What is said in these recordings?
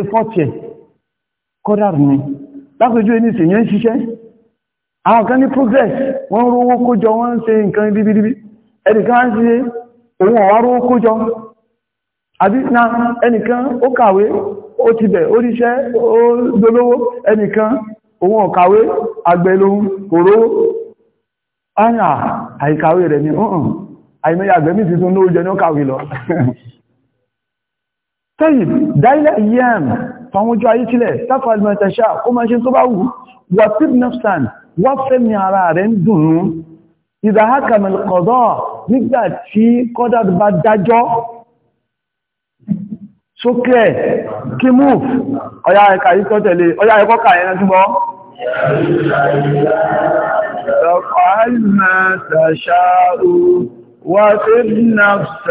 ìfọ́tẹ̀ kọ́dàrù ni lápẹjú ẹni ìsìnyẹ́ ń ṣiṣẹ́ àwọn kan ní progress wọ́n rówó kójọ wọ́n ń ṣe nǹkan bíbíbí ẹnìkan ń ṣe òun ọ̀wá rówó kójọ àbí na ẹnìkan ó kàwé ó ti bẹ̀ ó ríṣẹ́ ó dolówó ẹnìkan òun ọ̀kàwé àgbẹ̀ lóhun kò rówó àyà àìkàwé rẹ̀ ni ọ̀hún àìmẹ́yàgbẹ̀mí tuntun ló jẹ ní ó kàwé lọ tẹ́yìn dáílẹ̀ yẹ́m fàwọn ojú ayé sílẹ̀ sáfà alìmọ̀tẹ̀ṣà kó máa ṣe tó bá wù wà sí nafsan wá fẹ́mi ara rẹ̀ ń dùnú ìdáhákàmẹ̀lì kọ̀dọ̀ nígbà tí kọ́dá bá dájọ́ sókè kí múf ọya ẹ̀kà yìí tó tẹ̀lé ọya ẹ̀kọ́ kà ẹ̀rẹ́ túnbọ́ Sọ̀kọ̀ àìmọ̀ tẹ̀ṣà وفي النفس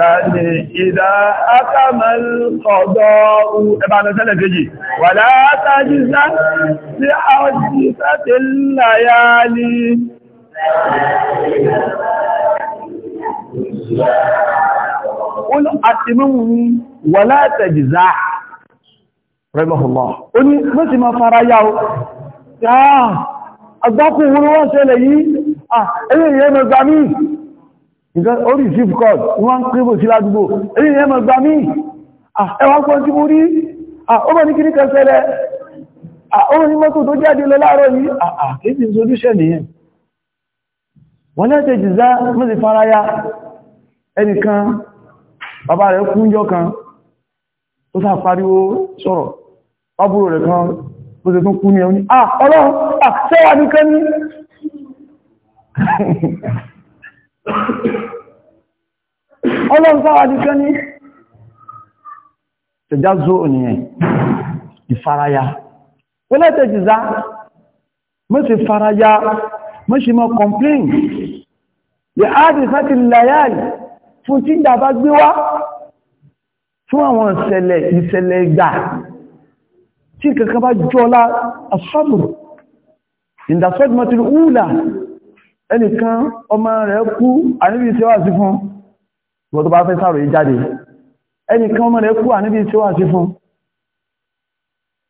إذا أكم القضاء إبعنا سلف يجي ولا تجزى لحجفة الليالي قل أتمن ولا تجزى رحمه الله قل مسمى فرأيه يا أبقى هو سليم أه أيه يا مزامين nǹkan orí chief court wọ́n ń kíbò sí ládùúgbò èyí ẹ mọ̀ gbà mí ah, ẹwà pọ̀ tí mo rí ah, ó mọ̀ ní kí ní kẹsẹ̀lẹ̀ ah, ó mọ̀ ní mọ́tò tó jáde lọ láàárọ̀ yìí àkéjì solution nìyẹn wọ́n lẹ́tẹ̀ jìzá mọ́ sí faraya ẹnìkan bàbá rẹ̀ kúnjọ kan ó sá pariwo sọ̀rọ̀ bábúrò rẹ̀ kan bó ṣe tún kú ní ẹun ní ah ọlọ́run ah sẹ́wà nìkan ní ọlọ́run sáwà ti kẹ́ ní tẹ̀jázo ònìyàn ìfaraya wọ́lẹ́tẹ̀ jìzá mọ́sí faraya mọ́sí mọ́ complain yẹ áàdì sáti lẹ́yàí fún tí ìjàbá gbé wá fún àwọn ìṣẹ̀lẹ̀ ìṣẹ̀lẹ̀ ìgbà tí kankan bá jọ́lá asọ́bùrù ìdàsọ́dùmọ́tìlú úùlà ẹnìkan ọmọ rẹ̀ kú àníbí tí wà sí fún wọ́n tó bá fẹ́ sàrò yí jáde ẹnìkan ọmọ rẹ̀ kú àníbí tí wà sí fún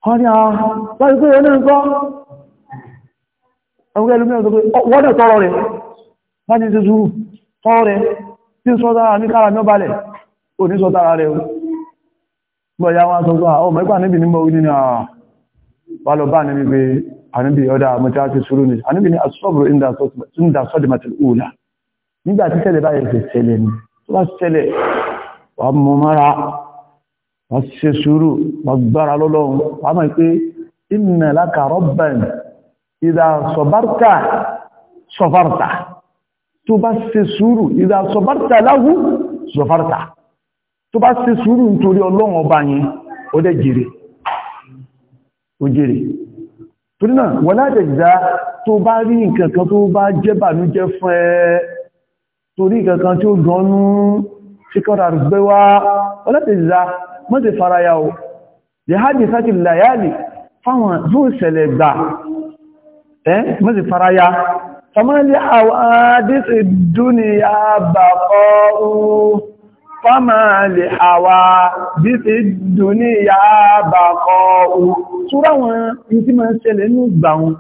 wọ́n ni àwọn wọ́n pé oní nǹkan ọgbẹ́ ilú mẹ́rin tó pé wọ́n dẹ̀ tọrọ rẹ̀ wọ́n ti sùúrù tọrọ rẹ̀ tí ń sọ́dára ní kára mẹ́ọ́ balẹ̀ ò ní sọ́dára rẹ̀ gbọ́ya wọn sọ àníbì ọdá mọ́tàtí ṣúrú ní àníbì ní asọ́bùrù ìdásọ́dìmọ̀tìl òòlà nígbà tí ṣẹlẹ̀ báyìí ṣe ṣẹlẹ̀ ní tó bá ṣẹlẹ̀ wà mọ́ mara wà ṣe ṣúrú wà gbára lọ́lọ́run wà mọ̀ pé inna laka rabban idha sabarta safarta tó bá ṣe ṣúrú idha sabarta lahu safarta tó bá ṣe ṣúrú nítorí ọlọ́run ọba yẹn ó dẹ̀ jèrè ó jèrè torí náà wọ́n láti ìjá tó bá rí nǹkan kan tó bá jẹ́ bànújẹ́ fún ẹ torí nǹkan kan tí ó gọnú tí kọ́ra gbé wá wọ́n láti ìjá mọ́ sí faraya o sáti layali fáwọn yóò ṣẹlẹ̀ gbà ẹ́ mọ́ sí faraya samali àwọn adé fọ́mà lè àwà bí ti dùn ní ìyá bà kọ ohun ṣúra wọn in tí ma ń ṣẹlẹ̀ ní ìgbà wọn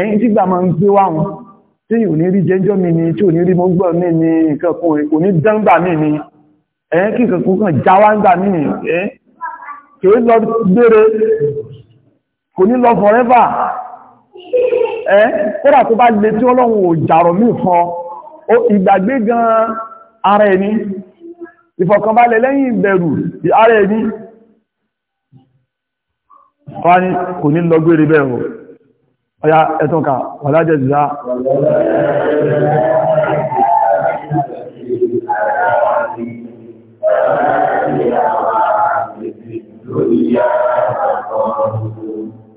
ẹ̀yìn tí gbà ma ń gbé wà wọn tí ò ní rí jẹjọ́ mi ni tí ò ní rí mọ́gbọ́n mi ni ìkẹ́kùn kò ní dángbà mi ni ẹ̀yìn kí forever ẹ́ kódà tó bá le tí ọlọ́run ò ìgbàgbé gan ara ẹni ìfọ̀kànbalẹ̀ lẹ́yìn ìbẹ̀rù ara ẹni fani kò ní lọ bẹ̀rù ọya ẹ̀tọ́ka wàlájẹ̀ ìzá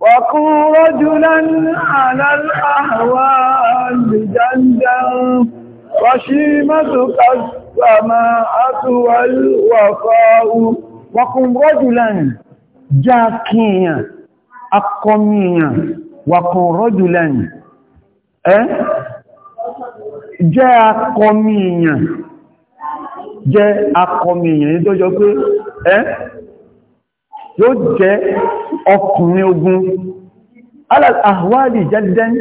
وقل رجلا على الأهوال بجندا وشيمتك السلام السماء والوفاء وكن رجلا جاكيا أقوميا وكن رجلا jẹ́ akọmi èèyàn jẹ́ akọmi èèyàn ní tó jọ pé ẹ́ yóò jẹ́ ọkùnrin ogun aláàwádìí jẹ́dẹ́n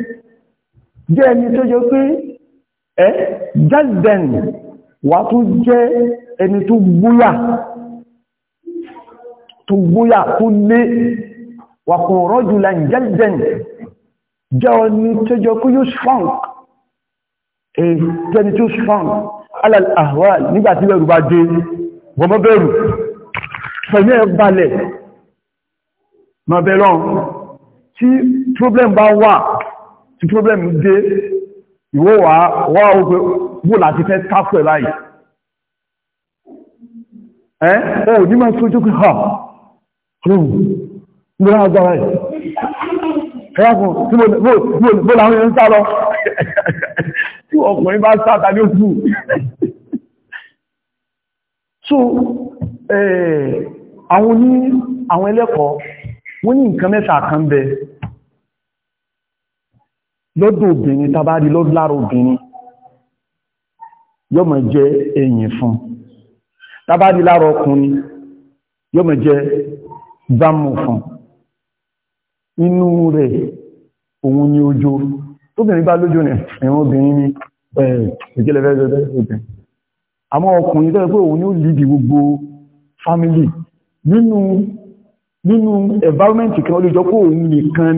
jẹ́ ẹni tó jọ pé ẹ́ jẹ́dẹ́n wà tún jẹ́ ẹni tó gbóyà tó gbóyà tó lé wà kùn rọ́jù làǹjẹ́lẹ́dẹ̀n jẹ́ ọni tó jọ kó yóò strong ẹni tó strong alàlàwà nígbàtí bẹ̀rù bá dé wọ́n bẹ̀rù fẹ̀mí ẹ balẹ̀ ma tí problem bá wà tí problem dé ìwọ́ wà wà ó bó láti fẹ́ kápù ẹ̀ báyìí ẹ́ o ní máa sójú pé ha ọlọ́run múra agbára ẹ̀ ẹ̀yàkùn tí mo láwọn èèyàn sá lọ tí ọkùnrin bá sá tàbí òkú so àwọn ní àwọn ẹlẹ́kọ̀ọ́ wọ́n ní nǹkan mẹ́ta kan bẹ lọ́dọ̀ obìnrin tàbí lọ́dọ̀ lára obìnrin yóò mọ̀ jẹ́ ẹ̀yìn fún tàbádì lára ọkùnrin yóò mọ̀ jẹ́ gbámù fún inú rẹ̀ òun ni ojo tóbìnrin bá lójú rẹ̀ ẹ̀wọ̀n obìnrin ni ẹ̀ẹ̀kẹ́lẹ̀fẹ́ àmọ́ ọkùnrin tó pé òun ni ó lìdì gbogbo family nínú nínú environment kan olójọ́ pé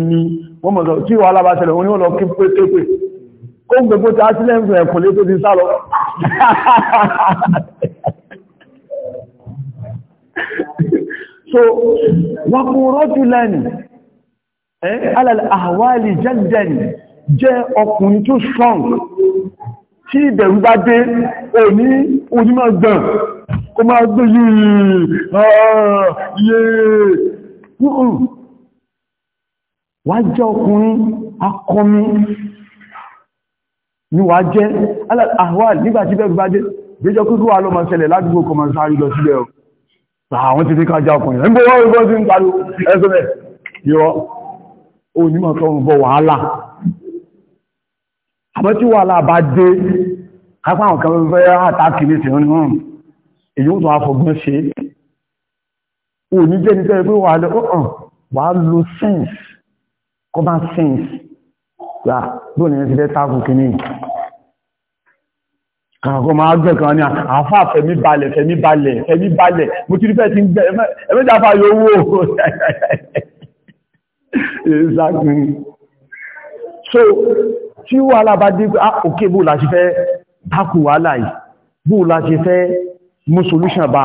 ni wọ́n mọ̀ tí wọ́n alábáṣẹ́lẹ̀ òun ni wọ́n lọ kó ń gbogbo ta sílẹ̀ ń fẹ̀ kùnlé tó ti sá lọ so wọ́n kún rọ́jú lẹ́nu alàlẹ̀ àwálì jẹ́jẹ́ni jẹ́ ọkùnrin tó strong tí ìbẹ̀rù bá dé òní onímọ̀ gbọ̀n kó máa gbé yìí ah, yìí wá jẹ́ ọkùnrin akọmi ní wà jẹ́ àwọn nígbàtí bẹ́ẹ̀ bá jẹ́ bẹ́jọ́ kúrú wà lọ máa ṣẹlẹ̀ ládùúgbò kọmọ sáré lọ sílẹ̀ ọ̀ àwọn ti fi ká já ọkùnrin ẹgbẹ́ wọ́n rígbọ́n sí ń parí ẹsẹ̀lẹ̀ yọ onímọ̀ tọrùn bọ wàhálà àmọ́ tí wàhálà bá dé kápá àwọn kan fẹ́ àtàkì ní tìrún hàn èyí tó afọgbọ́n ṣe òní jẹ́ nítorí pé wàá lọ wàá lo sense common sense gbà bóòlù ní ti fẹ́ tákù kìíní kàkọ́ máa gbẹ̀ kan ní àfá fẹ̀mí balẹ̀ fẹ̀mí balẹ̀ fẹ̀mí balẹ̀ mo ti rí fẹ́ ti ń gbẹ̀ ẹ̀mẹ́jàfà yóò wó exactly so tí wàhálà bá dé òkè ah, bó la ṣe fẹ́ tákù wàhálà yìí bó la ṣe fẹ́ mú solution bá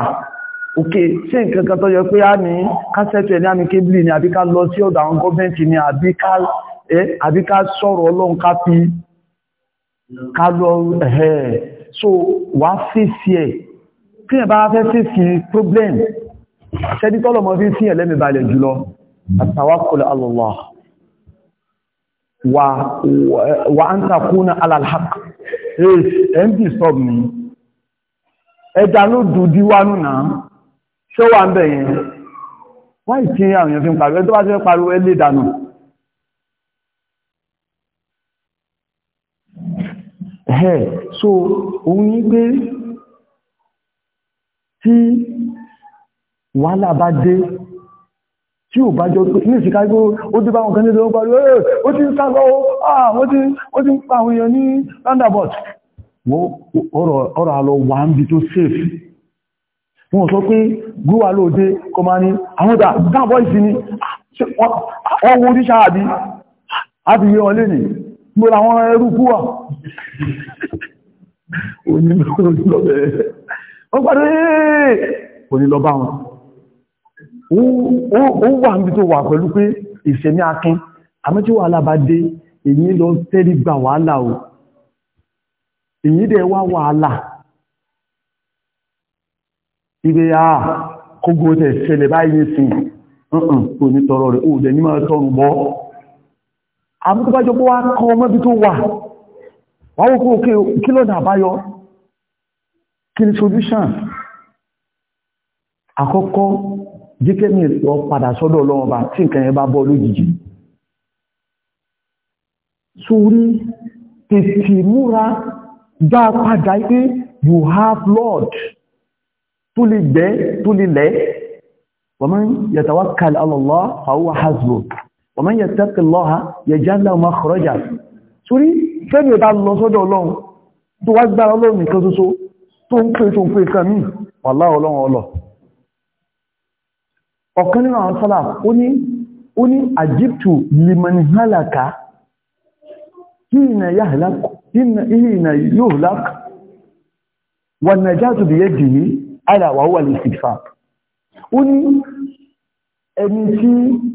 òkè ṣe nǹkan kan tó yẹ pé a ní kásẹ̀tù ẹ̀ ní àmì kébìlì ni àbí Eh, àbí ká sọ̀rọ̀ ọlọ́run ká fi ká lọ ẹ̀hẹ́ so wà fèsì ẹ̀ tí ẹ̀ bá fẹ́ fèsì problem ṣẹ́dí tọ́lọ̀mọ́ fi sí ẹ̀lẹ́mì balẹ̀ jùlọ at-tawakkul ala Allah wa wa an takuna ala al-haq ẹ̀dà ló dùdí wánú náà ṣọ́wà ń bẹ̀yẹn wáyìí tí àwọn èèyàn fi ń pariwo ẹni tó bá ti fẹ́ pariwo ẹlé ìdánù ẹ̀hẹ́ so òun ní pé tí wàhálà bá dé tí ò bá jọ pé ní ìsìnká igbó ó dé bá wọn kan ní ìdánwò parí ẹ̀ ó ti ń sá lọ ó ah, ti ń pa àwọn èèyàn ní roundabout ọ̀rọ̀ àlọ́ wà ń bi tó safe wọ́n sọ pé gúwà lóòdé kọ máa ní àwọn ìdá dáàbọ̀ ìsinmi wọ́n wo oríṣà àbí àbí ah, yẹ́ wọn lè nìí mo ra àwọn ẹrú púpọ̀ onílọ́bá wọn ó wà níbi tó wà pẹ̀lú pé ìṣẹ́ ní akín àmọ́ tí wàhálà bá dé èyí lọ tẹ́rí gba wàhálà o èyí dẹ̀ wá wàhálà ibi a kógó tẹ̀ ṣẹlẹ̀ báyìí sí ọ̀nà tó ní tọrọ rẹ̀ ó dẹ̀ ní máa tọrùn bọ́ àmú tó bá jọ pé wá kọ́ ọmọbi tó wà wọ́n wó kó òkè kí lọ́nà àbáyọ kí ni solution àkọ́kọ́ jíkẹ́ ní ìlọ padà sọ́dọ̀ ọlọ́run bá tí nǹkan yẹn bá bọ́ lójijì sórí tètè múra dá padà pé you have Lord tó lè gbẹ́ tó lè lẹ́ wa man yatawakkal ala Allah fa ومن يتق الله يجعل له مخرجا sórí fẹ́mi ọ̀dá lọ sọ́dọ̀ ọlọ́run tó wá gbára ọlọ́run nìkan ṣoṣo tó ń pè tó ń pè kan ní wàlá ọlọ́run ọlọ́ ọ̀kan nínú àwọn sọ́là ó ní àjíptù liman halaka hìnà yóò hùlák wà nàíjátù bí yẹ́ dìí àdàwà wà lè sì fà ó ní ẹni tí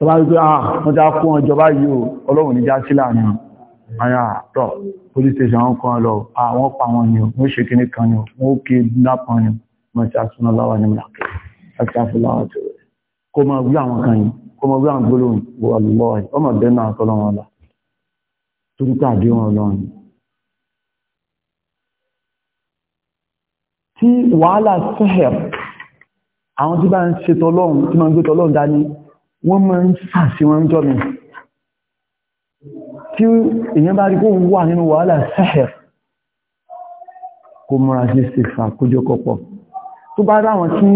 tó bá wípé ah wọ́n já kó wọn jọba yìí o ọlọ́run ní já sí láàrin àyà tọ́ police station wọn kan lọ àwọn ah, pa wọn ni wọ́n ṣe kíní kan ni wọ́n kí nápọn ni wọ́n ti àsúná láwà ní mìlàkì àti àfúláwà tó rẹ̀ kó máa gbé àwọn kan yìí kó máa gbé àwọn gbólóhùn wọ lọ́ọ̀ yìí ọmọ bẹ́ẹ̀ náà tọ́lọ́ wọn tí bá ń ṣe tọ́lọ́run tí máa ń gbé tọ́lọ́run dání wọ́n máa ń sàṣí wọn jọ mi tí èyàn bá rí kó wà nínú wàhálà sẹ́hẹ̀ kó múra sí sèfà kójókọpọ̀ tó bá ráwọn tí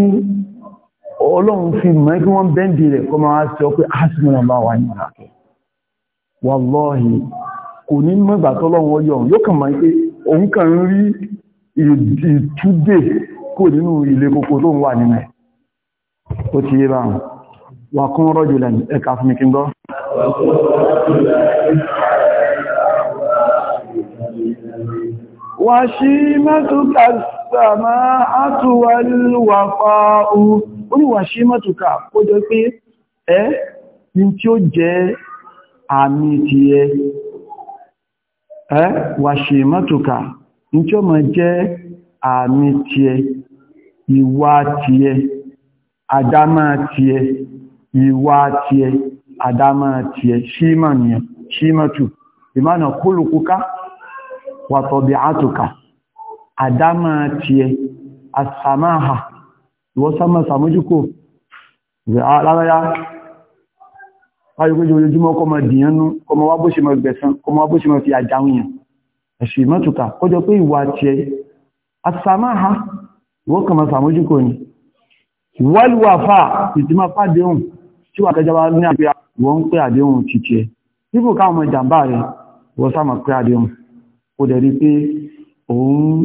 ọlọ́run fi mọ́ kí wọ́n bẹ́ndì rẹ̀ kọ́ máa sọ pé asìmọ́nà ah, bá wà ní ìràkẹ́ wàlọ́hì kò ní mọ́gbà tọ́lọ́run ọjọ́ yóò kàn máa pé òun kàn ń rí ìtúdè kò nínú ilé koko tó ń wà nínú ẹ̀ ó ti yé báwọn wà kún rọ́jù lẹ́nu ẹka fún mi kí n gbọ́. wà ṣí mẹ́tùkà sàmà átùwàlúwà fa'ú ó ní wà ṣí mẹ́tùkà ó jẹ́ pé ẹ́ ní tí ó jẹ́ àmì ti ẹ wà ṣí mẹ́tùkà ní tí ó mọ̀ jẹ́ àmì ti ẹ ìwà ti ẹ àdámà ti ẹ ìwà tiẹ̀ àdámà tiẹ̀ ṣímà nìyẹn ṣímà tù ìmánà kólùkúká wàtọ̀bí àtùkà àdámà tiẹ̀ àsàmáhà ìwọ́sánmà sàmójúkò láráyá ayúkójú ojúmọ́ kọmọ dìyànú kọmọ wá bó ṣe mọ̀ gbẹ̀sán kọmọ wá bó ṣe mọ̀ fi àjáwìyàn ẹ̀ṣì mọ́tùkà ó sàmójúkò ni wọ́lúwàfà ìtìmọ̀ pàdéhùn tí wà tẹ́jọba ní àpíà wọ́n ń pé àdéhùn títẹ́ níbù káwọn ìjàmbá rẹ̀ wọ́n sáàmà pé àdéhùn ó dẹ̀ rí pé òun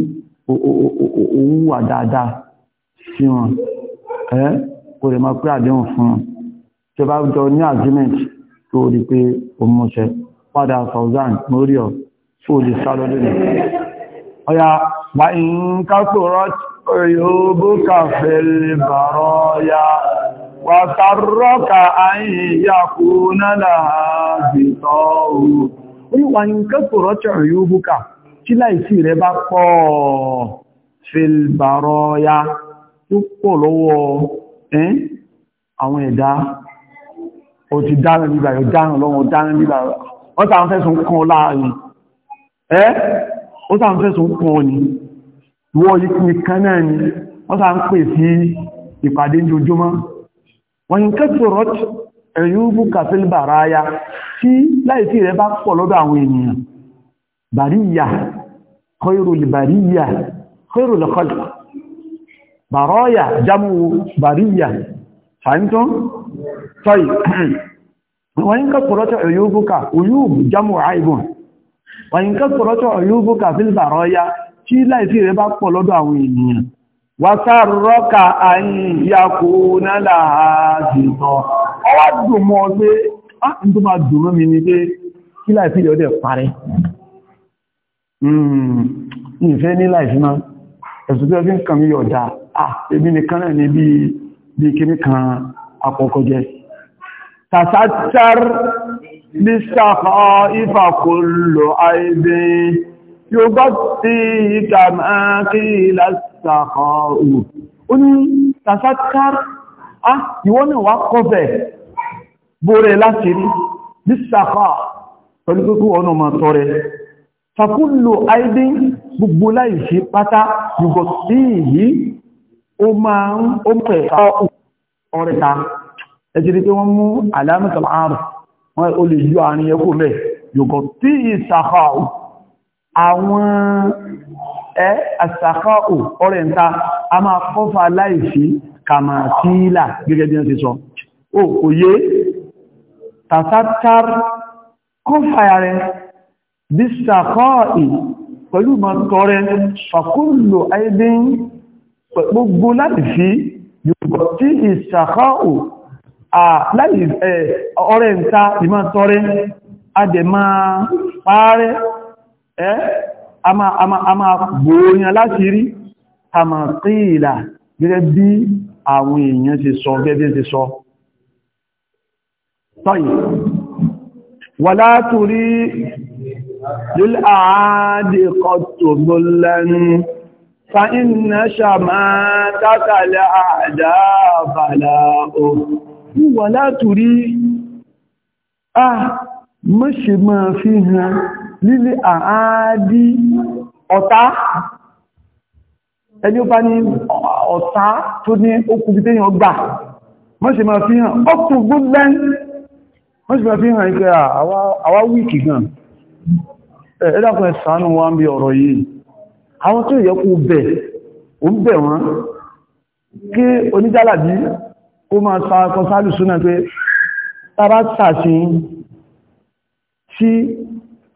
wà dáadáa sí wọn ẹ́ kò lè máa pé àdéhùn fún wọn tí bá jọ ní agreement tó rí pé òun mọ̀ṣẹ́ padà fauzan lórí ọ̀ tó lè sá lọ lónìí ọya wà ń kápò rọ́ọ̀tì òyìnbó kàfẹ́ lè bàrọ̀ ya وسرك أن ya لها بطاو وإن كثرت عيوبك كلا يسير بقى في البرايا púpọ̀ lọ́wọ́ ẹ́n àwọn ẹ̀dá o ti dáràn nígbà yọ dáràn lọ́wọ́ dáràn nígbà wọ́n tàà ń fẹ́sùn kan láàrin ẹ́ ó tàà ń fẹ́sùn kan ní ni wọ́n tàà ń pè sí ìpàdé ní wọ́n kẹ́sùrọ̀t ẹ̀yúbù kàfil bàráyá tí láìsí rẹ̀ bá pọ̀ lọ́dọ̀ àwọn ènìyàn bàríyà khairul bàríyà khairul khalq bàráyà jámù bàríyà fàíntọ́ tọ́yì wọ́n kẹ́sùrọ̀t ẹ̀yúbù ká uyúbù jámù àìbùn wọ́n kẹ́sùrọ̀t ẹ̀yúbù kàfil bàráyá tí láìsí rẹ̀ bá pọ̀ lọ́dọ̀ àwọn ènìyàn wàtàrọ́kà àyíyàkóná láàájìtọ́. Ọ wá dùn mọ́ pé, ah, n tó máa dùn mọ́ mi ni pé kí láìfí yọ́ dẹ̀ parẹ́. Ìfẹ́ hmm, ní láìfí máa, ẹ̀sùn tí ó kàn mí yọ̀dá, ah, ebi ni kánà ní bí kíní kan àkọ́kọ́ jẹ. Tàṣàtàr ní sàkọ́ ìfàkó yughatika ma qila as-sakha'u ó ní tafakkar á ìwọ́n náà wá kọ́fẹ̀ bóre láti rí bí sàkà pẹ̀lú pípú ọ̀nà ọmọ tọrẹ fàkúlò àìdí gbogbo láìsí pátá yùgọ̀ sí ìyí ó máa ń pẹ̀ká ọ̀rẹta ẹjìrí pé wọ́n mú àlámẹ́kàlá àrùn wọ́n olè yọ àárín ẹkùn mẹ́ yùgọ̀ sí ìsàkà àwọn ẹ́ àṣàkọ́ọ̀ ọ̀rẹ́ǹta a máa kọ́fà láìsí kàmàtílà gẹ́gẹ́ bí wọ́n ti sọ o òye tàtàtàr kọ́fà rẹ̀ bí ṣàkọ́ọ̀ì pẹ̀lú mọ́tọ́rẹ fàkúlò aidin gbogbo láti fi yóò tí ìṣàkọ́ọ̀ ọ̀rẹ́ǹta ìmọ́tọ́rẹ adẹ̀má pàárẹ́ ẹ́ eh? a máa gbòòyàn láti rí a máa tí ìlà gẹ́gẹ́ bí àwọn èèyàn ti sọ gẹ́gẹ́ ti sọ tọ́yì wà látúrí lílàádì kọtò gbọ́lẹ́nu fa iná ṣàmá tátàlẹ̀ àdáàbàlá o wà látúrí ah mọ́ṣe máa fi hàn lílé àádí ọ̀tá ẹni ó bá ní ọ̀tá tó ní okùnbí tẹ́yìn ọgbà wọ́n sì máa fi hàn ọkùn gúnlẹ́n wọ́n sì máa fi hàn ìpẹ́ àwá wíkì gan ẹ̀ẹ́dàkùn ẹ̀sánú wá ń bí ọ̀rọ̀ yìí àwọn tó yẹ kó bẹ̀ ó ń bẹ̀ wọ́n kí oníjálàbí kó máa sa kọsálù pé tàbá tí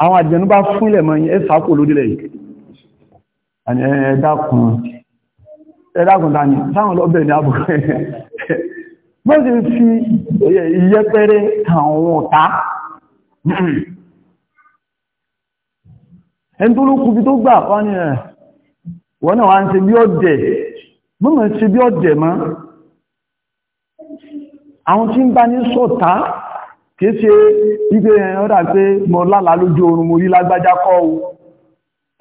àwọn àjẹ̀nú bá fún ilẹ̀ mọ́ ẹ sàápò lórílẹ̀ yìí ẹ̀dàkùn ẹ̀dàkùn tàní sáwọn lọ́bẹ̀ ní àbúkọ́ mọ́ sí fi ìyẹ́pẹ́rẹ́ àwọn ọ̀tá ẹn tó ló kúbi tó gbà wọ́n ni ẹ̀ wọ́n náà wá ń ṣe bí ọ̀dẹ̀ mọ́mọ̀ ṣe bí ọ̀dẹ̀ mọ́ àwọn tí ń bá ní sọ̀tá kìí ṣe ipe eh, ọ̀dà pé mọ̀ lálàá lójú oorun mo rí lágbájá kọ́ o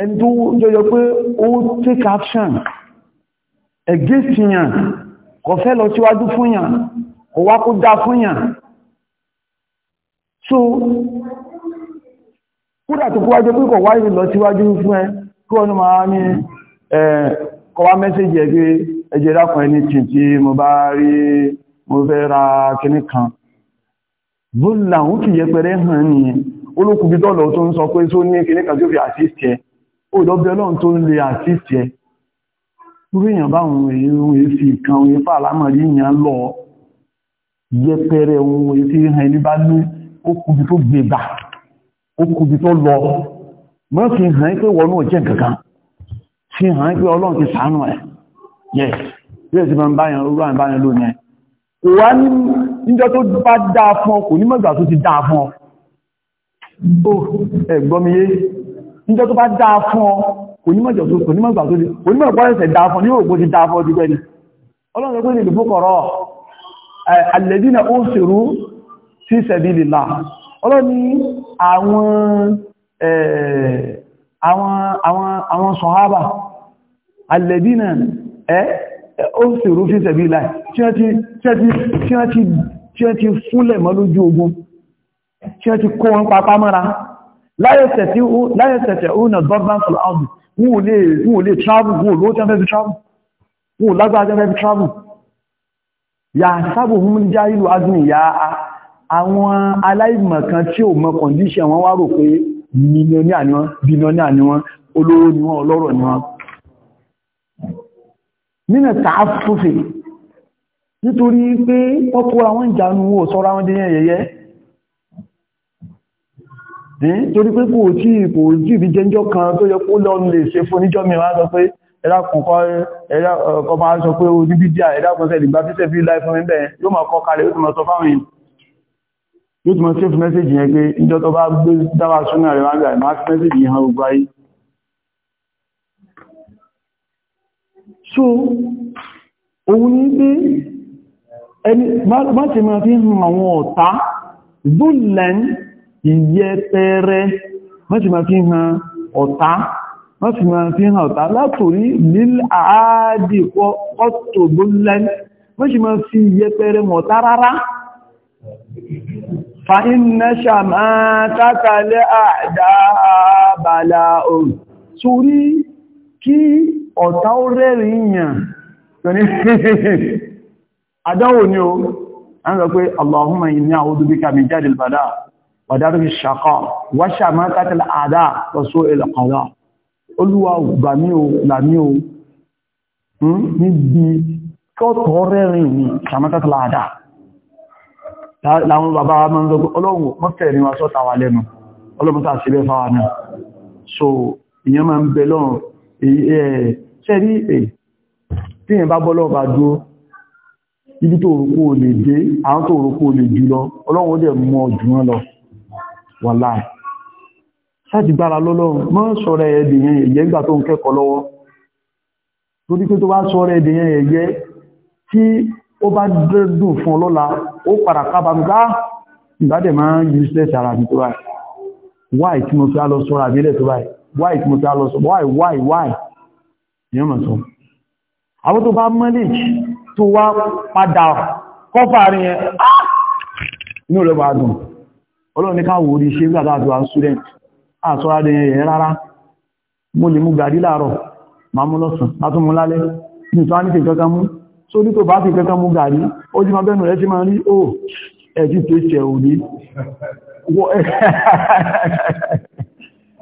ẹni tó jọjọ pé ó take action against yàn kò fẹ́ lọ síwájú fún yàn kò wá kó dá fún yàn so kúrò àti kúwájú pé kò wáyé lọ síwájú fún ẹ kí wọ́n máa ní eh, kọwa mẹ́sẹ̀jì ẹgbẹ́ ẹjẹ́ dákùn ẹni tí mo bá rí mo fẹ́ ra kíní kan bóòlà ó fi yẹpẹrẹ hàn ní olókùnbí tọ́lọ̀ tó ń sọ pé tó ní kìí kàjú fi assist ẹ òdọ́bẹ̀ ọlọ́run tó ń lè assist ẹ lórí bá wọn èèyàn èéfì kan èéfà alámọ̀rí lọ yẹpẹrẹ ohun èéfì hàn ní bá ní níjọ́ tó bá dáa fún ọ kò ní mọ̀gbà tó ti dáa fún ọ ó ẹ̀gbọ́miyé níjọ́ tó bá dáa fún ọ kò ní mọ̀gbà tó ti dáa fún ọ onímọ̀ ìpọ́lẹ̀sẹ̀ dáa fún ọ ní òògbó ti dáa fún ọ ti gbẹ́ni ọlọ́run pé ní ìdìbòkọ̀rọ̀ alladhina usiru fi sabilillah ọlọ́ni àwọn àwọn àwọn sọ̀hábà alladhina ẹ́ ó sì rú fi sẹ̀bí láì tí wọ́n ti fúnlẹ̀ mọ́ lójú ogun tí wọ́n ti kó wọn papá mọ́ra láyẹ̀sẹ̀tẹ̀ òun dọ́gbọ́n fún ọdún wọ́n ò lè travel wọ́n ló tẹ́ fẹ́ fi travel wọ́n lágbàájẹ́ fẹ́ fi travel yà sábò hún já ìlú adùn ìyá àwọn aláìmọ̀kan tí ò mọ condition wọn wá rò pé mílíọ̀nì àníwọ́n bílíọ̀nì àníwọ́n olówó ni wọ́n ọlọ́rọ̀ ni wọ́n nínú tààfúfè nítorí pé wọ́n kó àwọn ìjánu owó sọ́rọ̀ àwọn dínà yẹyẹ torí pé kò tí kò tí ìbí jẹ́jọ́ kan tó yẹ kó lọ lè ṣe fún níjọ́ mìíràn sọ pé ẹlákùnkọ́ máa sọ pé oníbídíà ẹlákùnkọ́ ìgbà títẹ̀ fi láì fún ẹgbẹ̀ yóò máa kọ́ kalẹ̀ yóò máa sọ fáwọn èèyàn yóò tún máa save message yẹn pé ìjọ tó bá gbé dáwà súnà rẹ̀ wá gbà máa message yẹn gbogbo ayé so òun ní pé ẹni bá ti máa fi hàn àwọn ọ̀tá dúlẹ̀n ìyẹpẹrẹ má ti máa fi hàn ọ̀tá má ti máa fi hàn ọ̀tá látòrí lílàádì ọ̀tọ̀ dúlẹ̀n má ti máa fi ìyẹpẹrẹ mọ̀tá rárá fa'inna ṣàmá tátàlẹ́ àdá àbàlà òun kí ọ̀tá ó rẹ́rìn yàn adáwò ni ó an sọ pé allahumma inni a'udhu bika min jadil bala wa darbi shaqa wa shamatatil a'da wa su'il qada olúwa gbà mí o là mí o hmm? níbi kọ́tọ̀ rẹ́rìn ní shamatatil a'da láwọn bàbá ma ń sọ pé ọlọ́run mọ́fẹ́ ni wa sọ́ta wa lẹ́nu ọlọ́run tàà sí bẹ́ fáwa náà so ìyẹn ma ń bẹ lọ́run ṣẹ́rí ẹ̀ tí yẹn bá bọ́lọ́ bá dúró ibi tó òrùkú ò lè dé àwọn tó òrùkú ò lè jù lọ ọlọ́run dẹ̀ mú ọjù wọn lọ wà láì láti gbára lọ́lọ́run mọ́ sọ̀rọ̀ ẹ̀dìyàn ẹ̀yẹ́ gbà tó ń kẹ́kọ̀ọ́ lọ́wọ́ torí pé tó bá sọ̀rọ̀ ẹ̀dìyàn ẹ̀yẹ́ tí ó bá dẹ́dùn fún ọlọ́la ó padà kábàmgbá ah, ìbádẹ̀ máa ń useless ara mi tó báyìí wáì tí mo fi á lọ sọ̀rọ̀ àbílẹ̀ why tí mo ti lọ sọ why why why yẹn mọ̀ sọ àwọn tó bá manage tó wá padà kọ́fà rí yẹn ah! inú rẹ̀ bá dùn ọlọ́run ní káwò orí ṣe gbàdá àti àwọn student àtọ́ adé yẹn rárá mo lè mú gàdí láàárọ̀ máa mú lọ́sàn látún mú lálẹ́ nìtọ́ á ní fèé kankan mú só ní tó bá fi kankan mú gàdí ó jí máa bẹ́nu rẹ̀ sí máa rí ó ẹ̀jí tó ṣẹ̀ òní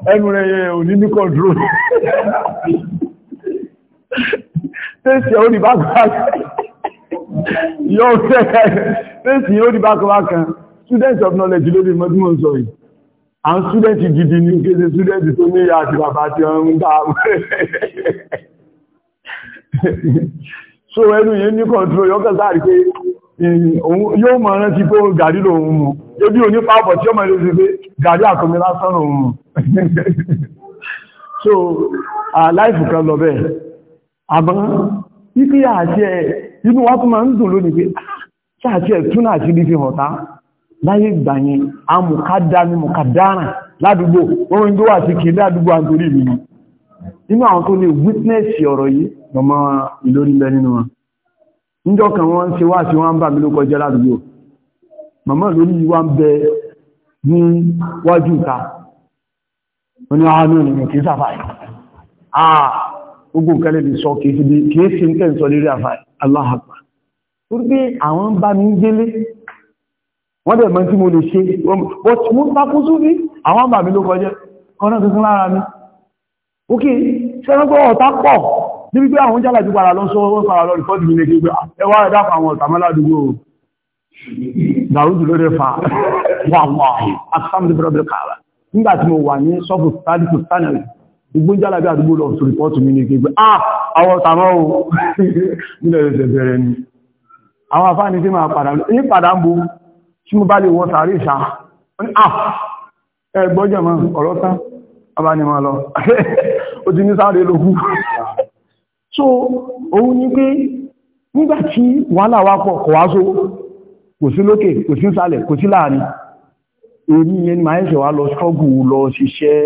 ẹnu rẹ̀ yẹn ò ní ní kọ̀dúró tẹ́sì ó ní bákọ̀bákan yóò tẹ́ẹ̀kẹ́ tẹ́sì ó ní bákọ̀bákan students of knowledge lórí mọ́dúnmọ́ sọ yìí àwọn students gidi ní kéde students tó ní ìyá àti bàbá tí wọ́n ń dá so ẹnu yìí ní kọ̀dúró yọ́kẹ́ sáà rí pé Eh, yóò mọ̀ rántí pé gàrí lòun mú ebí òní pàápọ̀ tí ó mọ̀ lórí pé gàrí àkọmí lásán òun mú so àláìfù kan lọ bẹ́ẹ̀ àmọ́ títí àti ẹ̀ inú wá tún máa ń dùn lónìí pé ah, ṣáàtí ẹ̀ tún àti ibi fi họ̀tá láyé ìgbà yẹn a mùkádá ní mùkádáràn ládùúgbò orin tó wà sí kìí ládùúgbò àntorí mi inú àwọn tó lè wítínẹ̀sì ọ̀rọ̀ yìí lọ́mọ ìlórí lẹ́nínú wọn níjọ́ kan wọ́n ṣe wá sí wọ́n bá mi ló kọjá ládùúgbò màmá lórí wá ń bẹ ní wájú ìta wọ́n ni àánú ènìyàn kìí sàfàì àà ogun kẹlẹ̀ lè sọ kìí sí ń tẹ́ǹsọ lérí àfàì aláhàpá torí pé àwọn bá mi ń délé wọ́n dẹ̀ mọ́ tí mo lè bí àwọn níbi pé àwọn jálà ti padà lọ sọ wọ́n padà lọ rìpọ́tì ní ẹgbẹ́ pé ẹwà ah, ẹ̀dáfà àwọn ọ̀tàmọ́ ládùúgbò dàrúdù lórí fa wàwà àtàmì bẹ̀rẹ̀ kààrà nígbà tí mo wà ní sọ́fù tàbí tàbí igbó jálà bí àdúgbò lọ sí rìpọ́tì mi ní ẹgbẹ́ ah, àwọn ọ̀tàmọ́ ni àwọn afáàní tí máa padà ní padà ń bu tí mo bá lè wọ sàárè ìṣà ah, ẹgbọ́jọ̀ so òun ni pé nígbàtí wàhálà wá pọ̀ kò wá só kò sí lókè kò sí sàlẹ̀ kò sí láàrin èmi yẹn ni máa ẹ̀ṣẹ̀ wá lọ ṣọ́gù lọ ṣiṣẹ́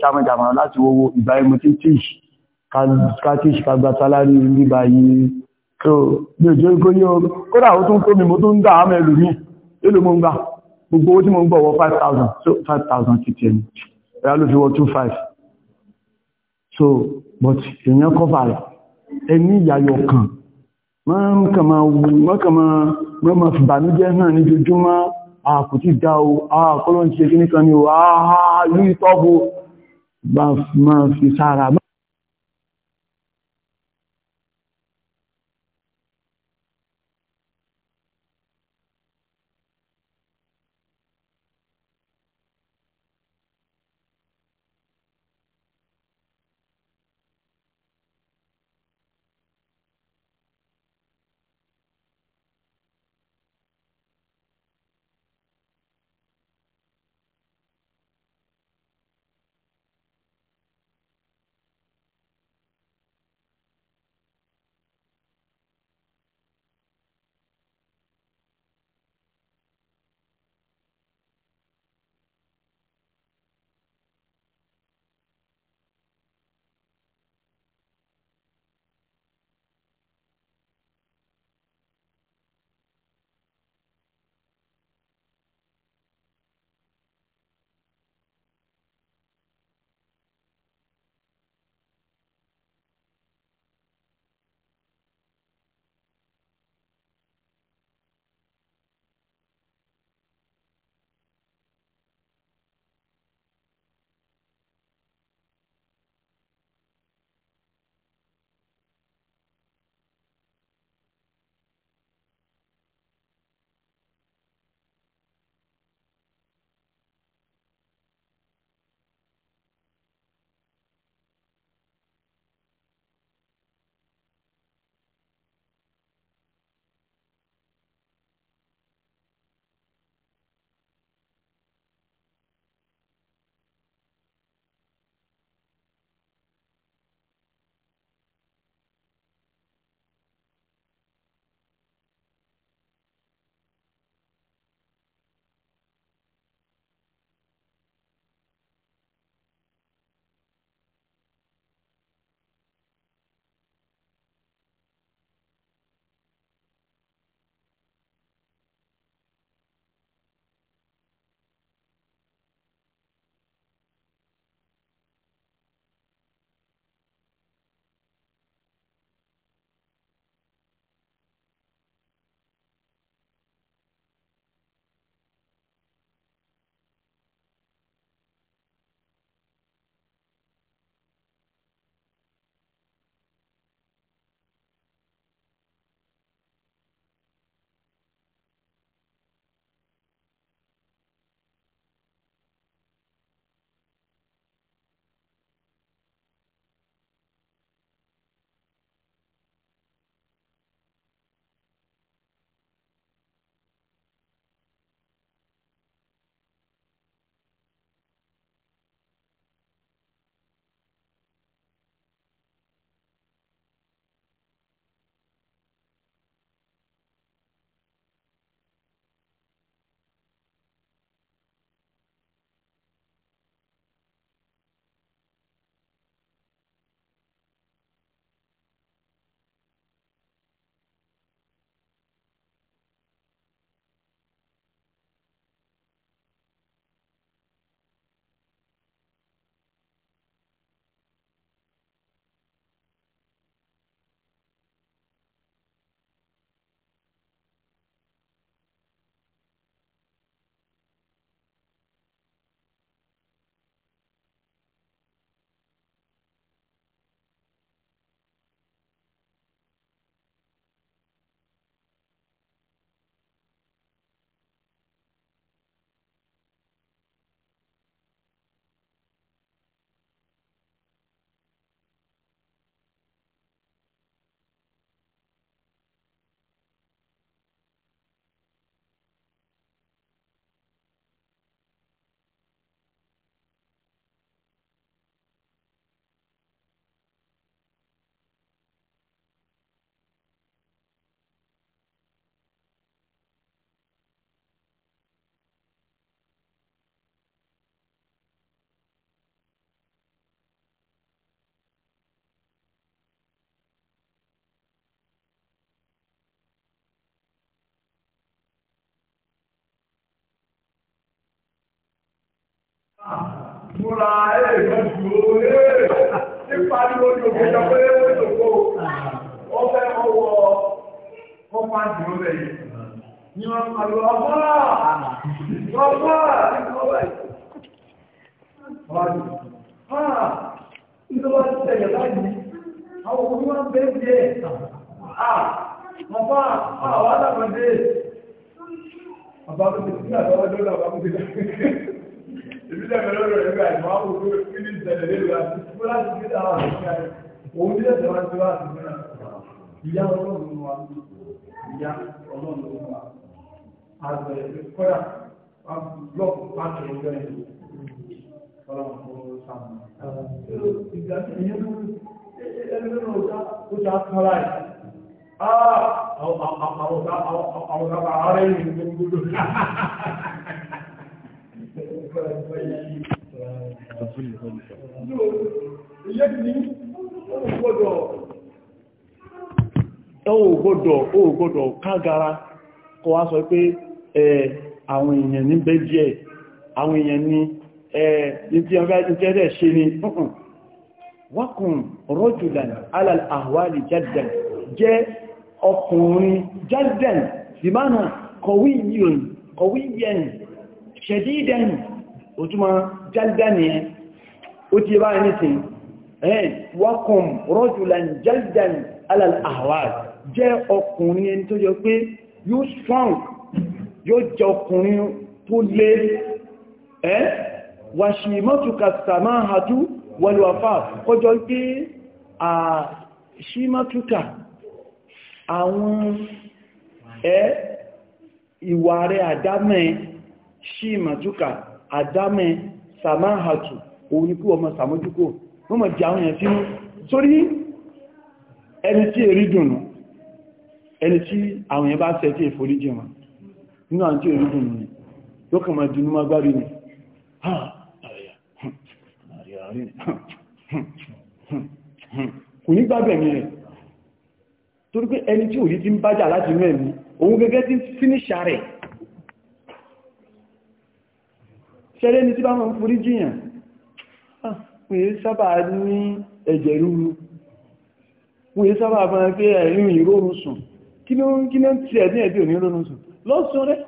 jamajama láti wọ́wọ́ ìbáyẹmọ tí tíṣ kátíṣ kagbà sálárì nígbà yìí tó bí òjò ikó ní ọmọ kódà ó tún tómi mo 5,000 so 5,000 ti tẹ̀lé ẹ̀yà ló fi wọ́ 2,500 so but èèyàn kọ́fà rẹ̀ ẹni ìyàyọ̀ kan mọ́kànmá fìbànújẹ́ náà ní jojúmọ́ àkùtí dá o àkọ́lọ́ ń ṣe kí ní kan ní o ààrẹ ìtọ́bù máa fi sára múra ẹ̀ẹ́dẹ́gbẹ̀rún ẹ̀ẹ́ nípa ní ojú òkúta pé ó ṣòkó ó fẹ́ ọwọ́ ọmọ àjò rẹ̀ yìí ni wọ́n máa lọ ìbílẹ̀ mẹ́rin rẹ̀ nígbà ìmọ̀ àkókò kí ní ìṣẹ̀lẹ̀ lérò àti fún láti gbé dára àti ṣe òun bí ẹ̀sẹ̀ wá sí wá sí mẹ́ra ìyá ọlọ́run wa ìyá ọlọ́run wa àgbẹ̀ kọ́dà blọọkù pàtó ọjọ́ ẹ̀ ọlọ́run tó sàmù. ìgbà tí ìyẹn tó ẹni tó lọ ó ta kára àwọn ọ̀gá àwọn ọ̀gá ó gbọ́dọ̀ kágara kọ wá sọ pé àwọn èèyàn ní bẹ́jẹ̀ àwọn èèyàn ní ẹ̀ẹ́dì ẹ̀ẹ́dẹ̀ ṣe ni wákùn rọ́jùlàn alàlàwàlì jádàn jẹ́ ọkùnrin jádàn ìmánà kọ̀wíyàn ṣẹ̀dídàn òtúmọ̀ jálgá nìyẹn ó ti bá ẹni sìn ẹ̀ẹ́n wákùn rọ́jùlá jálgá alàlàáwà jẹ́ ọkùnrin ẹni tó jọ pé yóò strong yóò jẹ ọkùnrin tó lé ẹ́ wàṣímọ́tùkà sàmáhàtú wọlúwàfà kọjọ pé àṣímọ́tùkà àwọn ẹ́ ìwà rẹ̀ àdámẹ́ ṣímọ̀tùkà àdámẹ́ samahatu òun ni kí ọmọ sàmójúkò wọ́n mọ̀ jẹ àwọn èèyàn sínú sórí ẹni tí èrí dùnú ẹni tí àwọn èèyàn bá ṣẹ̀ tí ìforíjì wọn nínú àwọn tí èrí dùnú ni yóò kàn máa dínú magbárí ni kò ní gbábẹ̀ mi rẹ̀ torí ẹni tí òrí ti ń bájà láti inú ẹ̀mí òun gẹ́gẹ́ tí fínísà rẹ̀ ṣẹ́rẹ́ ní tí bá máa ń forí jìyàn pé ah, sábà ní ẹ̀jẹ̀ rúru wọ́n yé sábà máa pé ẹ̀rin ìrórun sùn kí ló ń kí ló ń tiẹ̀ ní ẹ̀dẹ̀ òní rórun sùn lọ́sùn rẹ̀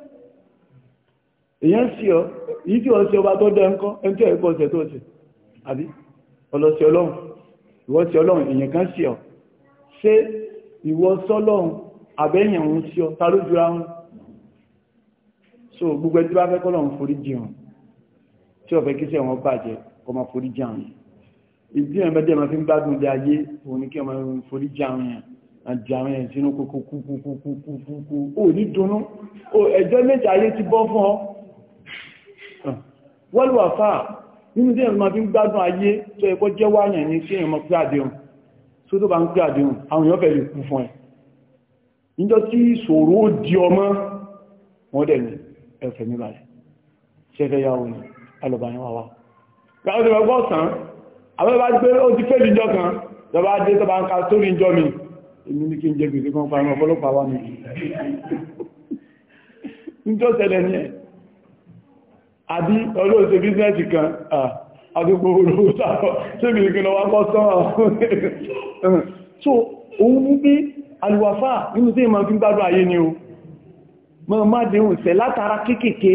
èyàn sí ọ yìí tí ọ̀sẹ̀ ọba tó dẹ ńkọ́ ẹnkẹ́ ẹ̀kọ́ ọ̀sẹ̀ tó ọ̀sẹ̀ àbí ọlọ́sẹ̀ ọlọ́run ìwọ sí ọlọ́run èyàn kan sí ọ ṣé ìwọ sọ́lọ́run àbẹ́yàn ń sí ọ ta ló jura wọn so gbogbo ẹni tí bá fẹ́ kọ́lọ́run forí jìn tí ọ̀fẹ́ kí sẹ́ wọn bàjẹ́ ọmọ forí jẹ́ àwọn ìdí ẹ̀mẹ́ dẹ̀ máa fi ń gbádùn ilé ayé òun ní kí ọmọ forí jẹ́ àwọn yẹn àjẹ́ àwọn yẹn sínú kókó kúkúkúkú ó ní dunnú ẹjọ́ méje ayé ti bọ́ fún ọ wọ́n wà fáà nínú tí ẹ̀mẹ́ máa fi ń gbádùn ayé tó ẹ̀kọ́ jẹ́ wáyàn ní sí ẹ̀mọ́ pé àdéhùn tó tó bá ń pé àdéhùn àwọn èèyàn fẹ́ lè kú fún ẹ̀ níjọ́ tí ìṣòro ó di ọmọ wọ́n dẹ̀ ní ẹ̀fẹ̀ níbàlẹ̀ ṣẹ́fẹ́ yáwó ni ẹlọ́bàáyán wà wá gbọ́sàn àwọn bá gbé ó ti fẹ́ ìjọ kan lọ́bá dé tọ́bá ń ká sórí ìjọ mi èmi ní kí n jẹ gbèsè kan pàmọ́ ọ̀pọ̀lọpàá wà nìyí níjọ́ tẹ́lẹ̀ ní ẹ̀ àbí olóòṣè bíznẹ́sì kan àdúgbò olóòsàkọ́ tí mi kí lọ wá kọ́ sán so òun ní pé ni o dẹ̀hùn sẹ̀ látara kéékèèké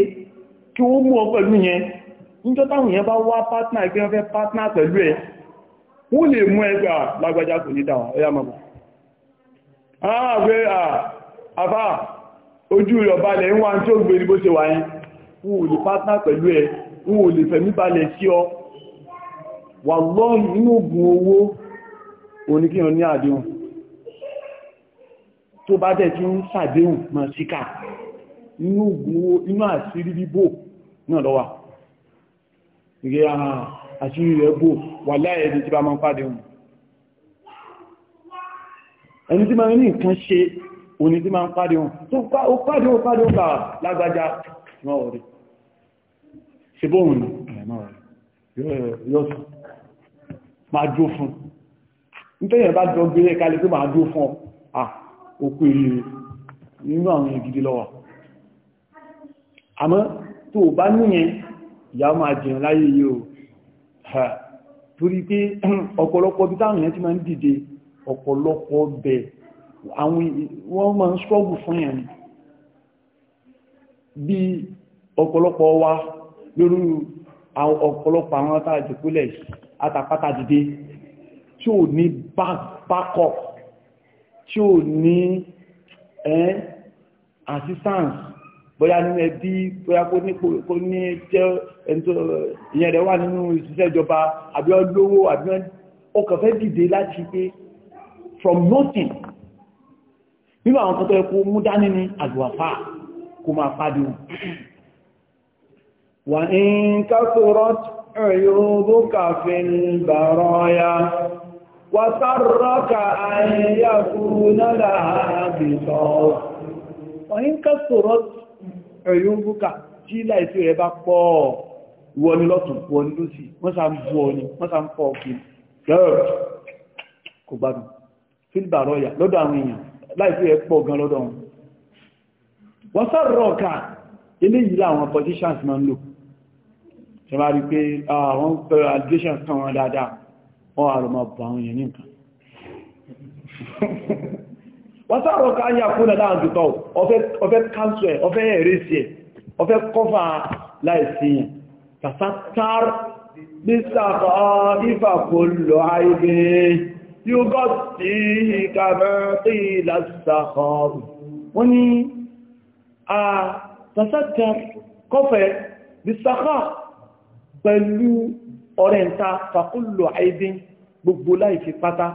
kí wọ́n mú ọ pẹ̀lú yẹn níjọ́ táwọn èèyàn bá wá pátná ẹgbẹ́ wọn fẹ́ pátná pẹ̀lú ẹ wọ́n lè mú ẹgbẹ́ ah, lágbàjá kò ní dáwọn ẹyà mọ̀mọ̀ ààgbé ah, ah, àfá ojú rẹ̀ balẹ̀ ń wá tí ó gbé ní bó ṣe wà yẹn wọ́n ò lè pátná pẹ̀lú ẹ wọ́n ò lè fẹ̀mí balẹ̀ sí ọ wà lọ́n nínú ogun owó oníkíyàn ní àdéhùn tó bá dẹ̀ tí ń sàdéhùn mọ̀ ìrẹ́ àwọn àṣírí rẹ̀ bò wà láàrẹ̀ ẹni tí bá máa ń pàdé ohun ẹni tí máa ní nǹkan ṣe òní tí máa ń pàdé ohun tó pàdé ohun pàdé ohun bàá lágbàjá máa ọ̀rẹ́ ṣe bóhun máa jó fún nítorí ẹ̀bá jọ gbé e kalẹ̀ pé máa jó fún ọ òkú èrè nínú àwọn ìgidi lọ́wọ́ àmọ́ tó bá níyẹn ìyá máa jẹun láyé yìí o torí pé ọ̀pọ̀lọpọ̀ bí táwọn èèyàn ti máa ń dìde ọ̀pọ̀lọpọ̀ bẹ̀ àwọn wọ́n máa ń struggle fún yẹn bí ọ̀pọ̀lọpọ̀ wa lórí ọ̀pọ̀lọpọ̀ àwọn àtàjẹ̀kúlẹ̀ àtàpátá dìde tí ò ní backup tí ò ní assistance bóyá nínú ẹbí bóyá kó ní kó ní ìyẹn rẹ̀ wà nínú ìṣiṣẹ́ ìjọba àbí olówó àbí ọkàn fẹ́ dìde láti pé from nothing nínú àwọn kan tó yẹ kó mú dání ní àlùwàfà kó máa fádìí wà ní kásòrò عيوبك في البرايا وسرك ẹ̀yọ́ ń búkà tí láìsí rẹ̀ bá pọ̀ wọni lọ́tún wọni lọ́sì wọ́n sá ń bú ọni wọ́n sá ń pọ̀ ọkùn lọ́rọ̀ kò gbádùn fílbà rọ́yà lọ́dọ̀ àwọn èèyàn láìsí rẹ̀ pọ̀ gan lọ́dọ̀ wọn wọ́n sọ̀rọ̀ ọ̀kà eléyìí láwọn politicians máa ń lò ṣe máa rí pé àwọn pẹ̀lú allegations wọ́sàrọ̀ ká yà fún ẹ̀dá àjùtọ̀ ọ̀fẹ́ káńsù ẹ̀ ọ̀fẹ́ ẹ̀rẹ́sì ẹ̀ ọ̀fẹ́ kọfà láìsí tàtàtàr mísàkọ̀ ìfàkó lọ àìbé yúgọ́tí ìkàmẹ́tí lásàkọ̀ wọ́n ni a tàtàtàr kọfẹ́ mísàkọ̀ pẹ̀lú ọ̀rẹ́ntà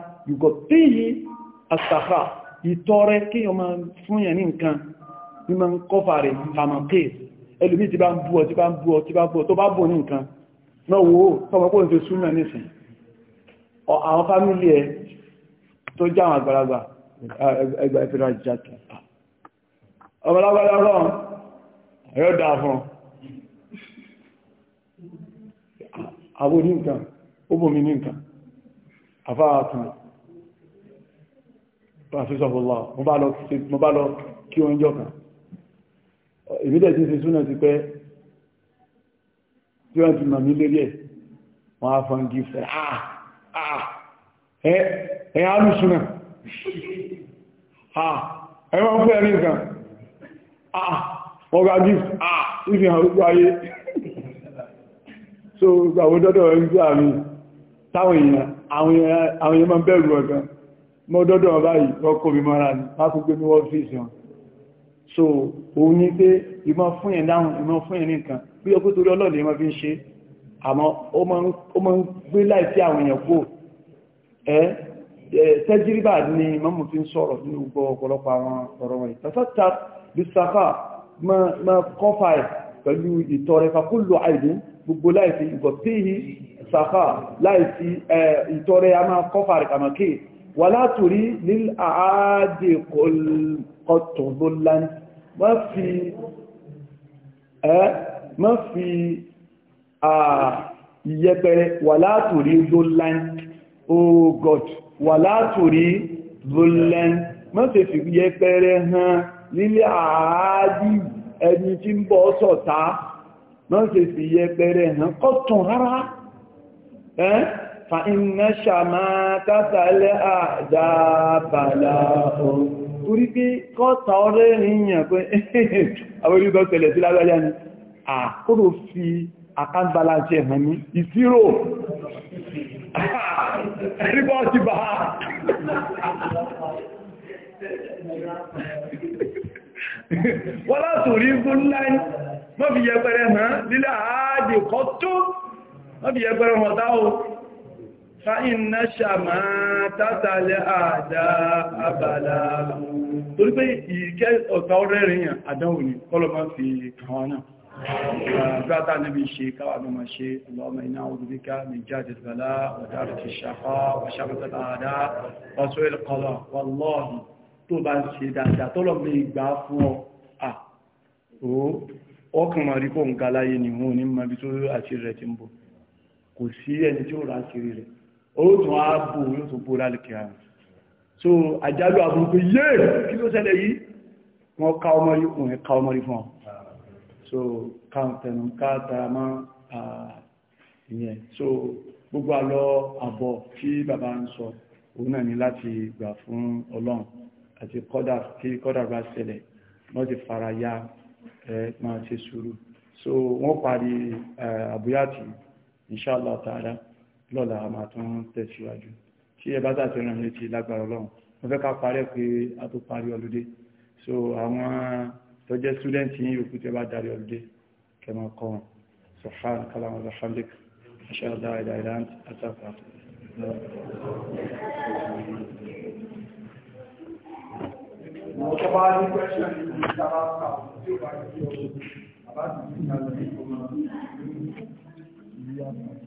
ìtọrẹ kí ọmọ fún yẹn ní nǹkan ní ma ń kọfà rẹ̀ fàmọ̀kè ẹlùmí ti bá ń bú ọ ti bá ń bú ọ ti bá bú ọ tó bá bú ní nǹkan náà wo tọmọkó ní súnmọ̀ nísìn àwọn fámílì ẹ tó já àwọn àgbàlagbà ẹgbà ìfẹ́ra jàtọ̀ ọmọlágbàlá ọlọ́run ẹ̀yọ́ dáa fún àwọn oníǹkan ó bòmí ní nǹkan àfáà kan pàfíṣọ́fọ́lá mo bá lọ kí oúnjọ kan ìbílẹ̀ tí ṣe súnà ti pẹ́ tí wọ́n ti mọ̀ mí lérí ẹ̀ wọ́n á fọ́n gí fẹ́ ẹ̀ alùsùnà ah, ah, ah, ẹ̀wọ́n fún ẹ̀rí nǹkan ọgbà gí ìfihàn rúgbà ayé so gbàwó dọ́dọ̀ ẹ̀rí sí àmì táwọn èèyàn àwọn èèyàn máa bẹ̀rù ọ̀gán mọ́ dọ́dọ̀ báyìí lọ́kọ́ mi mọ́ra ní lákúgbé ní ọ́fíìsì wọn so òun ní pé ìmọ̀ fún ẹ̀ dáhùn ìmọ̀ fún ẹ̀ nìkan bí ọkú torí ọlọ́dẹ̀ ìmọ̀ fi ń ṣe àmọ́ ó mọ́ ń gbé láìsí àwọn èèyàn kó ẹ́ tẹ́jìrìbà ni mọ́mù fi ń sọ̀rọ̀ ní gbogbo ọ̀pọ̀lọpọ̀ àwọn ọ̀rọ̀ wọ̀nyí tàfẹ́ta bí sáfà ma kọ́fà ẹ̀ pẹ̀lú ìtọrẹ fàkúlù àìdín gbogbo láìsí ìgọ̀tíhì sáfà láìsí ìtọrẹ a wà látòrí ní àádé kọtùnbólán má fi ìyẹpẹrẹ wà látòrí lólán oh god wà látòrí lólán má fi ìyẹpẹrẹ hàn lílé àádí ẹni tí ń bọ́ sọ̀tá má fi ìyẹpẹrẹ hàn kọtùn rárá ẹ́ fàínà ṣàmà tásàlẹ̀ àdábàlá ohun torí pé kọ́ta ọ̀rẹ́ ìyàn pé àwọn orílẹ̀ ọ̀sẹ̀lẹ̀ sí lágbàjá ni àkúrò fi àkágbàlá jẹ́ hàn ní ìṣírò ẹ̀rígbọ́ ti bá wọ́n látò rí fáìnà ṣàmà tátàlẹ̀ àdá àbàlá torí pé ìkẹ́ ọ̀tá ọ̀rẹ́rin àdánwò ní kọ́lọ̀má fi kàwọn náà فاتا نبي شيكا وعلم شيء اللهم إنا أعوذ بك من جاد البلاء ودارة الشقاء وشبكة الأعداء وسوء القضاء والله طبعا سيدادا طلب لي gbafun ah o o kan ma ri ko nǹkan láyé ni wọ́n ní ma bi tó kò sí ẹni tí ó ra àṣírí rẹ̀ oòrùn ààbò yóò tún bó lálùkì àmì so àjálù àbúrúkú yé kí ló ṣẹlẹ̀ yìí wọ́n ká ọmọ rí òun ká ọmọ rí fún ọ so káàtẹ̀nù káàtà máa ìyẹn so gbogbo àlọ àbọ̀ tí bàbá ń sọ òun náà ní láti gbà fún ọlọ́run àti kọ́dà tí kọ́dà bá ṣẹlẹ̀ wọ́n ti fara ya ẹ máa ṣe sùúrù so wọ́n parí àbúyàtì inṣáàlá tààrà lọ́la àmà tó ń tẹ̀síwájú ṣé ẹ bá tàbí ràn létí lágbára ọlọ́run mo fẹ́ ká parẹ́ pé a tó parí ọlúdé so àwọn tó jẹ́ súdẹ́ǹtì yìí yòókù tí ẹ bá darí ọlúdé kẹ máa kọ́ wọn sọ̀hán kálàmù alhamdik aṣáájá ìdá ìdá àtàkùn Ọjọ́bá ní pẹ́ṣẹ́ ní